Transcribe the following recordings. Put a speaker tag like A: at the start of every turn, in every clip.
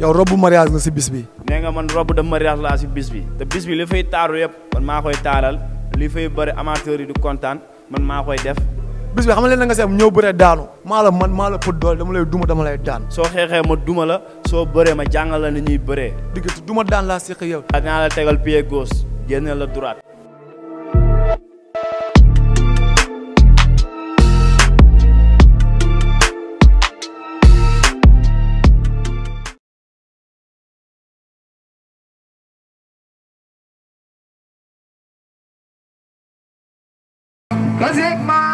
A: yow
B: robu mariage nga si bis bi.
A: nee nga man robu de mariage laa si bis bi te bis bi li fay taaru yëpp man maa koy taaral li fay bëri amateurs yi du kontaan man maa koy def. bis
B: bi xam nga nga seet ñëw bëree daanu maa la man maa la pët doole dama lay duma dama lay daan soo
A: xeexee ma duma la soo bëree ma jàngal na ñuy bëree diggante duma daan laa séq yow dinaa la tegal pied gauche génnee la droite Mas é que mais.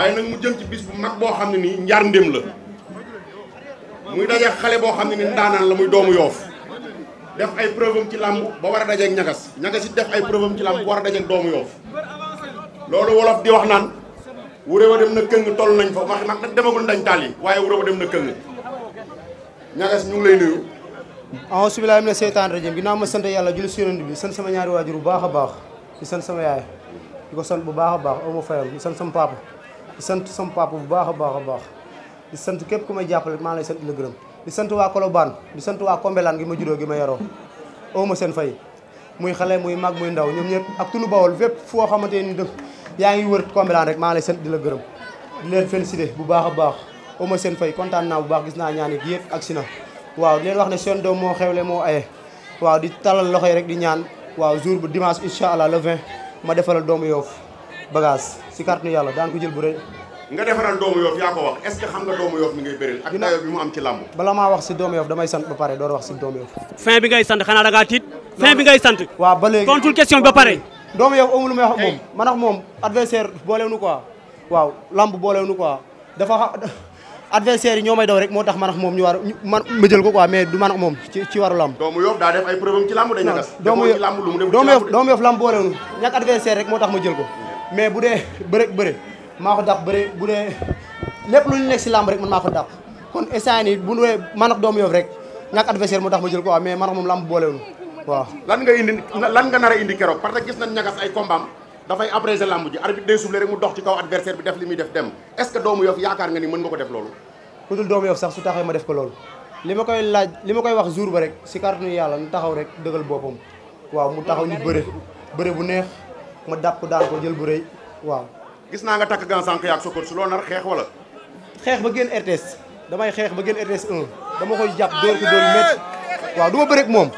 C: waaye nag mu jëm ci bis bu mag boo xam ne nii njaar ndém la muy dajeek xale boo xam ne ni naan la muy doomu yoof def ay preuve ci làmb ba war a dajeek ñagas ñagas it def ay preuve ci làmb war a dajeek doomu yoof loolu wolof di wax naan wuréw a dem na këng toll nañ fa wax nag nag demagul dañ taal waaye wuréw a dem na këng ñagas ñu ngi lay nuyu
B: aouzu billahi mina seytaan rajim ginnaaw ma sant yàlla julli si yonent bi sant sama ñaari waajur bu baax baax di sant sama yaay di baax a baax aw ma sama papa di sant sama papa bu baax a baax a baax di sant képp ku may jàppale maa lay sant di la gërëm di sant waa Colobane di sant waa Kombelane gi ma juddoo gi ma yaroo oo ma seen fay muy xale muy mag muy ndaw ñoom ñëpp ak tunu bawol fépp foo xamante ni dëkk yaa ngi wër Kombelane rek maa lay sant di la gërëm di leen félicité bu baax a baax oo ma seen fay kontaan naa bu baax gis naa ñaan gi yëpp ak si na waaw di leen wax ne seen doom moo xewle moo aye waaw di talal loxo yi rek di ñaan waaw jour bu dimanche incha allah le 20 ma defalal doomu Yoff bagage si kàttanu yàlla daan ko jël bu
C: nga defaral doomu yoof yaa ko wax est xam nga doomu yoof mi ngay bëreel ak dayo bi mu am ci làmb
B: bala maa wax si doomu yoof damay sant ba pare
A: door wax si doomu yoof
B: moom man ak moom waaw làmb booleewnu quoi dafa moo tax moom ñu war man ma jël ko quoi mais daa
C: def ay problème ci lamb dañu gas. doomu yoof
B: doomu yoof lamb boolewul rek moo tax ma jël ko. mais bu dee bëre bëre maa ko dàq bëre bu dee lépp ñu nekk si làmb rek man maa ko dàq kon instant nii bu dee man ak yoof rek ñàkk adversaire moo tax ma jël ko waaw mais man ak moom làmb boolewul
C: waaw. lan nga indi lan nga nar a indi keroog parce que gis nañ ñagas ay combat dafay abrégé làmb ji arbitre day soufflé rek mu dox ci kaw adversaire bi def li muy def dem est ce que doomu yoof yaakaar nga ni mën nga ko def loolu.
B: ku dul doomu yoof sax su taxee ma def ko loolu laaj li ma koy wax jour ba rek si kàttanu yàlla nu taxaw rek dëgal boppam waaw mu taxaw ñu
C: bëre
B: bu neex ma dàpp daan ko jël bu rëy waaw.
C: gis naa nga takk gan sànq yaag sa coach loolu nar xeex wala.
B: xeex ba génn RTS damay xeex ba génn RTS 1 dama koy jàpp dóor ko dóor métti waaw du ma bëreeg moom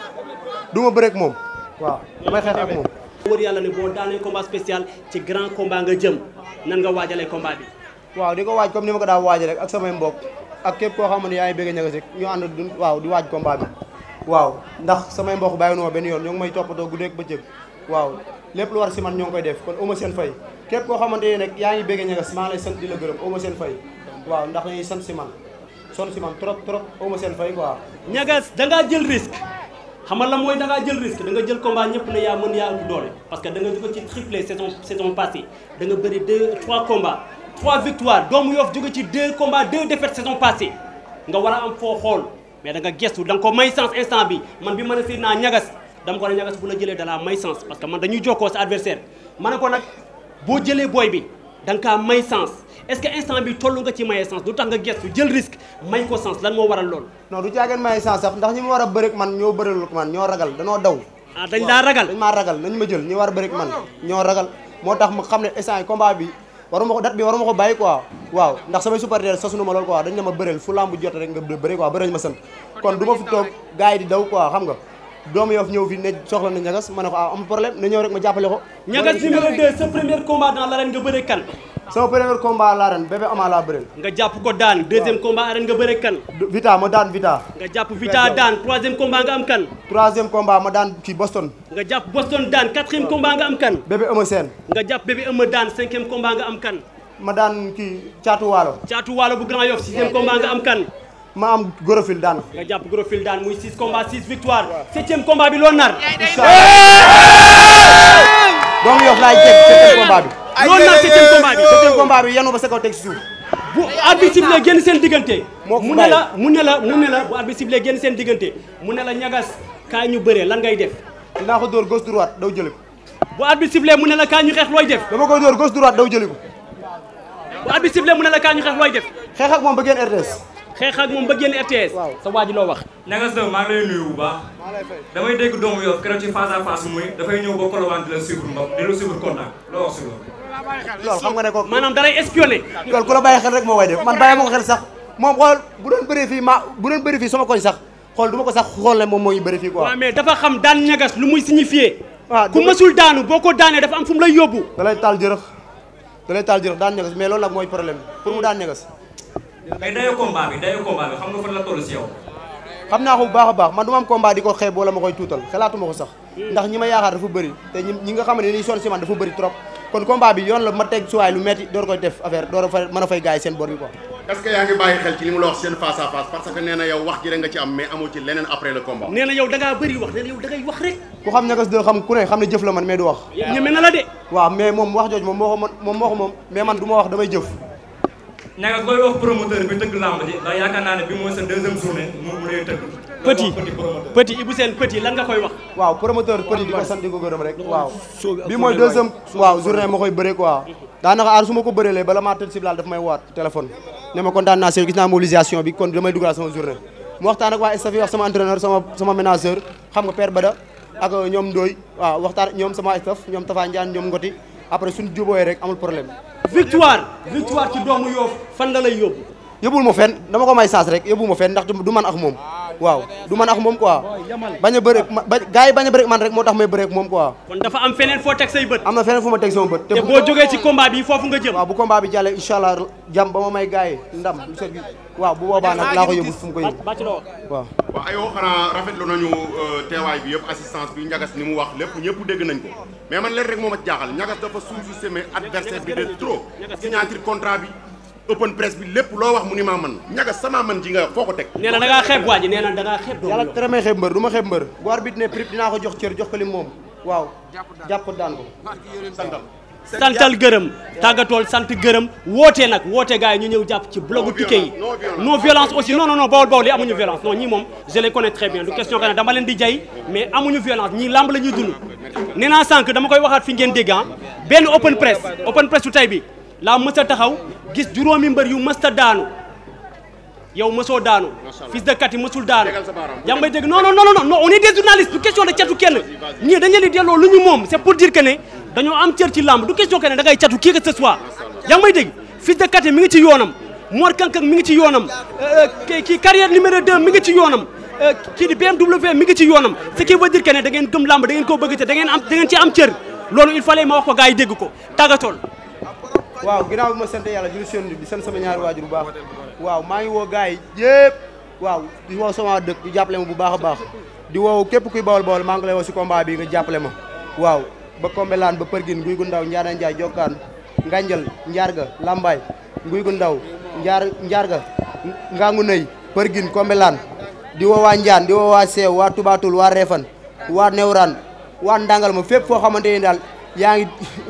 B: du ma bëreeg moom waaw
A: damay xeex ak moom. wër yàlla ne boo daanee combat spécial ci grand combat nga jëm nan nga waajalee combat bi. waaw di
B: ko waaj comme ni ma ko daa waaj rek ak samay mbokk ak képp koo xam ne yaa ngi bëgg ñaga rek ñu ànd du waaw di waaj combat bi waaw ndax samay mbokk bàyyi na ma benn yoon ñoo ngi may toppatoo guddeeg bëccëg waaw. lépp lu war si man ñoo ngi koy def kon ama seen fay képp koo xamante ne nag yaa ngi bégg ñagas maa lay sant di la gërëm ama seen
A: fay trop trop seen fay quoi ñagas da ngaa jël risque xam nga la mooy da ngaa jël risque da nga jël combat ñëpp ne yaa mën yaa doole parce que da nga jóge ci triplé saison saison passée da nga bëri deux trois combats trois victoires doomu Yoff jóge ci deux combats deux défaites saison passée nga war a am foo xool mais da nga gestu danga nga ko may sens instant bi man bi ma ne si naa ñagas dama ko ne ñagas bu la jëlee dalaa may sens parce que man dañuy jokkoo sa adversaire ma ne ko nag boo jëlee booy bi da nga kaa may sens est-ce que instant bi toll nga ci maye sens du tax nga gestu jël risque may ko sens lan moo waral lool.
B: non du jaageen maye sens sax ndax ñi ma war a bëreeg man ñoo bëreelul ko man ñoo ragal danoo daw. ah dañ daa ragal dañ maa ragal nañ ma jël ñi war a bëreeg man ñoo ragal moo tax ma xam ne instant yi combat bi waruma ko date bi waruma ko bàyyi quoi waaw ndax samay supporter sosunu ma lool quoi dañ ne ma bëreel fu lamb jot rek nga bëree quoi bëreel ma sant kon du ma fi toog gars yi di daw quoi xam nga doomu Yoff ñëw fi ne soxla na ñagas ma ne ko ah am problème na ñëw rek ma jàppale ko.
A: ñagas numéro 2 sa premier combat dans l'arène nga bëre kan. sama premier combat l'arène bébé Ama laa bëreel. nga jàpp ko daan deuxième combat arène nga bëre kan. Vita ma daan Vita. nga jàpp Vita daan troisième combat nga am kan. troisième combat ma daan kii Boston. nga jàpp Boston daan quatrième combat nga am kan. bébé Eumeu Sène. nga jàpp bébé Eumeu daan cinquième combat nga am kan. ma daan kii Caatu Waalo. Caatu Waalo bu Grand Yoff sixième combat nga am kan. ma am gorofil daan ko. daan muy 6 combats 6 victoires. waaw septième bi loo nar. incha allah doomu Yoff laay teg bi. loo nar septième combat bi. septième combat bi yanu ba sa kaw teg si suuf. bu arbitre sifflé génn seen diggante. moo mu ne mu ne mu ne la bu arbitre sifflé génn seen diggante mu ne la ñagas kaa ñu bëree lan ngay def. dinaa ko dóor gauche droite daw jëli ko. bu arbitre sifflé mu ne la kaay ñu xeex looy def. dama koy dóor gauche droite daw jëli ko. bu arbitre sifflé mu ne kaa ñu xeex looy def. xeex ak moom ba génn RTS. xeex ak moom ba génn RTS. sa waa ji loo wax. Ñangas na maa lay nuyu bu baax. damay dégg doomu Yoff keroog ci face à face muy dafay ñëw ba Colobane di la suivre mbam di xam nga ne ko maanaam dalay espionné. loolu ku la bàyyi xel
B: rek moo koy def man bàyyi ma ko xel sax moom xool bu doon bëri fii bu doon bëri fii ma koñ sax xool du ko
A: sax xool ne moom mooy ngi bëri fii quoi. mais dafa xam daan Ñangas lu muy signifié. waaw ah, ku mësul daanu boo ko daanee dafa am fu mu lay yóbbu. da lay taal jërëx da lay taal jërëx daan Ñangas mais loolu nag mooy problème pour mu daan Ñangas ay dayo combat bi dayo xam nga fan la toll si yow
B: xam naa ko bu baax a baax man du ma am combat di ko xeeb wala ma koy tuutal xalaatuma ko sax ndax ñi ma yaakaar dafa bëri te ñi nga xam ne ni sonn si man dafa bëri trop kon combat bi yoon la ma teg suwaay lu metti door koy def affaire door a fa mën a fay gars seen bor bi quoi
C: est-ce mu na yow wax ji nga ci am mais amoo ci leneen après le combat nee na yow da ngaa bëri wax nee na yow da ngay wax rek
B: ku xam ñagas de xam ku xam ne moo ko moom moo ko moom mais man
A: ña nga koy wax promoteur bi tëgg làmb ji bi mooy sa deuxième journée mu mu lay tëgg petit petit Ibou Sène petit lan nga koy wax waaw promoteur petit di ko sant di ko gërëm rek waaw bi mooy deuxième
B: waaw journée ma koy bëre quoi daanaka aar su ma ko bërelee bala maa si daal daf may waat téléphone ne ma kontaan naa seen gis naa mobilisation bi kon damay dugal sama journée mu waxtaan ak waa staff yi wax sama entraîneur sama sama xam nga père Bada ak euh, ñoom Ndoye waaw waxtaan ñoom sama staff ñoom Tafa Ndiane ñoom Ngoti après suñu jubooyee rek amul problème victoire victoire ci doomu Yoff fan la lay yóbbu. yóbbul ma fenn dama ko may saas rek yóbbu ma fenn ndax du man ak moom. waaw du man ak moom quoi bañ a ba gars yi bañ a bëre man rek moo tax may bëre moom quoi
A: kon dafa am feneen foo teg say bët am na feneen fu ma teg sama bët
B: te boo jógee ci combat bi foofu nga jëm waaw bu combat bi jàllee incha allah ba ma may gars ndam lu set waaw bu boobaa nag laa ko yóbbu fu mu
C: ayoo xanaa rafetlu nañu euh, teewaay bi yëpp assistance bi ñagas ni mu wax lépp ñëpp dëgg nañ ko mais leen rek moo ma jaaxal ñagas dafa sous-estimé adversaire bi de trop bi open press bi lépp loo wax mu ni maa man ñaga sama man ji nga foo ko teg nee na da ko jox cër jox ko li moom waaw jàpp daan ko
A: tàggatool sant gërëm woote nag woote gars ñu ñëw jàpp ci blogu piqué yi non violence aussi non non non bawol bawol moom dama leen di jay mais amuñu violence ñii lamb la naa sànq dama koy waxaat fi ngeen dégg ah. benn open press open press su tey bi laa mës a taxaw gis juróomi mbër yu mës a daanu yow mësoo daanu. fils de Katy mësul daanu. yaa may dégg non non non non on est des du question de catu kenn. ñii dañu leen di ñu moom c' est pour dire que am cër ci làmb du question que ne catu kii que ce soit. yaa may dégg fils ngi ci yoonam Mor Kankang mi ngi ci yoonam euh, kii carrière numéro 2 mi ngi ci yoonam. Euh, kii di BMW mi ngi ci yoonam ce qui veut dire que ne da ngeen gëm làmb da ngeen koo bëgg te da ngeen am da ngeen ci am cër ko gars
B: waaw ginnaaw ma sant yàlla jël seen di sant sama ñaari waajur bu baax waaw maa ngi woo gars yi waaw di woo sama dëkk di jàppale ma bu baax a baax di woo képp kuy bawol bawol maa ngi lay woo si combat bi nga jàppale ma waaw ba kombelaan ba përgin guy gu ndaw njaana njaay jokkaan nganjal njaarga lambaay nguy gu ndaw njaar njaarga ngangu nëy përgin kombelaan di woo waa njaan di woo waa seew waa tubaatul waa reefan waa newraan waa ndangal ma fépp foo yaa ngi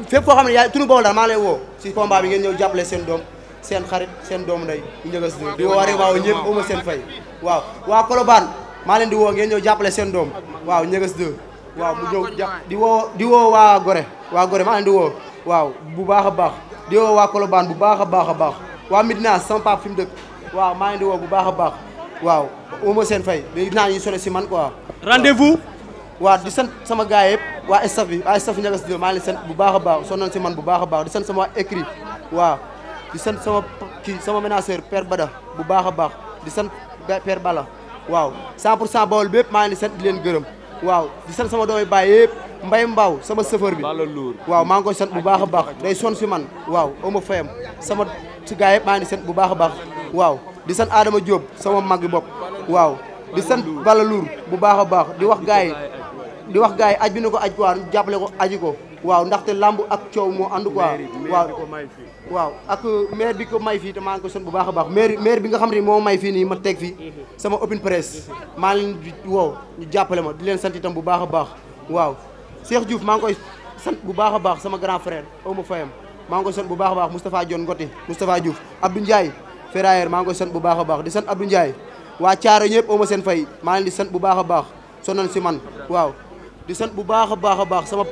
B: fépp foo xam ne yaa turu Bawol daal maa lay woo si combat bi ngeen ñëw jàppale seen doom seen xarit seen doom ndey njëgas di woo rek waaw ñëpp seen fay waaw waa Colobane maa leen di woo ngeen ñëw jàppale seen doom waaw ñëgas 2 waaw mu ñëw jàpp di woo di woo waa Gore waa Gore maa leen di woo waaw bu baax a baax di woo waa Colobane bu baax a baax a baax waa Midina sama pap fi mu dëkk waaw maa leen di woo bu baax a baax waaw uma seen fay dinaa ñu sonné si man quoi rendez waaw di sant sama gars yëpp waa staff bi waa staff Ndiaga Studio maa ngi sant bu baax a baax sonnoon si man bu baax a baax di sant sama écrit waa di sant sama kii sama ménageur Père Bada bu baax a baax di sant Père Bala waaw 100 pour cent Bawol bépp maa ngi leen sant di leen gërëm waaw di sant sama doomi baay yëpp Mbay Mbaaw sama chauffeur bi waaw maa ngi koy sant bu baax a baax day sonn si man waaw ama fayam sama si gars yëpp maa ngi sant bu baax a baax waaw di sant Adama Diop sama mag bi waaw di sant bu baax a baax di wax gars yi di wax gars yi aj bi na ko aj quoi ñu jàppale ko aji ko waaw ndaxte lamb ak coow moo ànd waa waaw waaw ak maire bi ko may fii te maa ko son bu baax a baax maire maire bi nga xam ne moo may fii nii ma teg fii sama open presse maa leen di wow ñu ma di leen sant itam bu baax a baax waaw Cheikh Diouf maa ngi koy sant bu baax a baax sama grand frère aw ma fayam maa ngi koy sant bu baax a baax Moustapha Dione Ngote Moustapha Diouf Abdou Ndiaye ferrailleur maa ngi koy sant bu baax a baax di sant Abdou Ndiaye waa Thiaro ñëpp aw ma seen fay maa leen di sant bu baax a baax sonal si man waaw di sant bu baax a baax a baax sama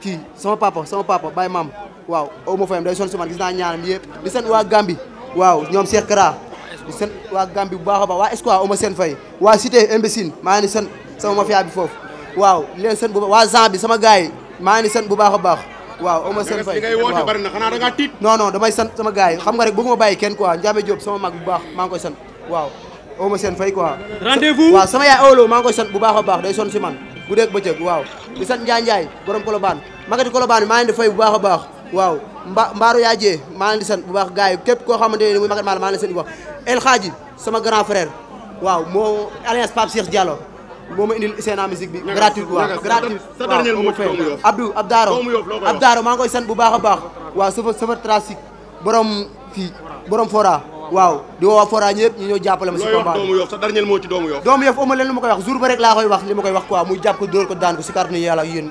B: kii sama papa sama papa Baye Maam waaw aw ma fayam day sonn si man gis naa ñaanam yëpp di sant waa Gambi waaw ñoom Cheikh Kara di sant waa Gambi bu baax a baax waa Espoir aw ma seen fay waa Cité Imbécile maa ngi sant sama mafia bi foofu waaw leen sant bu baax waa Jean bi sama gars yi maa ngi sant bu baax a baax waaw aw ma seen fay ngay woote bari na xanaa da ngaa tiit non non damay sant sama gars yi xam nga rek bëgguma bàyyi kenn quoi Ndiame Diop sama mag bu baax maa ngi koy sant waaw aw ma seen fay quoi rendez-vous waaw sama yaay awloo maa ngi koy sant bu baax a baax day sonn si man guddeeg bëccëg waaw di sant Njaay Njaay borom Colobane magati Colobane maa ngi di fay bu baax a baax waaw mba mbaaru yaa jee maa ngi di sant bu baax gars yi képp koo xamante ne muy magat maa la maa ngi di sant bu baax El Hadji sama grand frère waaw moo alliance Pape Cheikh Diallo moo ma indil seen musique bi gratuite waaw gratuite waaw Abdou Abdaro Abdaro maa ngi koy sant bu baax a baax waa safa safa trafic borom fii borom fora waaw di woo waa forage yëpp ñu ñëw jàppale ma si combat doomu yof
C: sa dernier mot ci doomu yof
B: doomu yof ama leen lu ma koy wax jour ba rek laa koy wax li ma koy wax quoi muy jàpp ko dóor ko daan ko si kàttanu yàlla yéen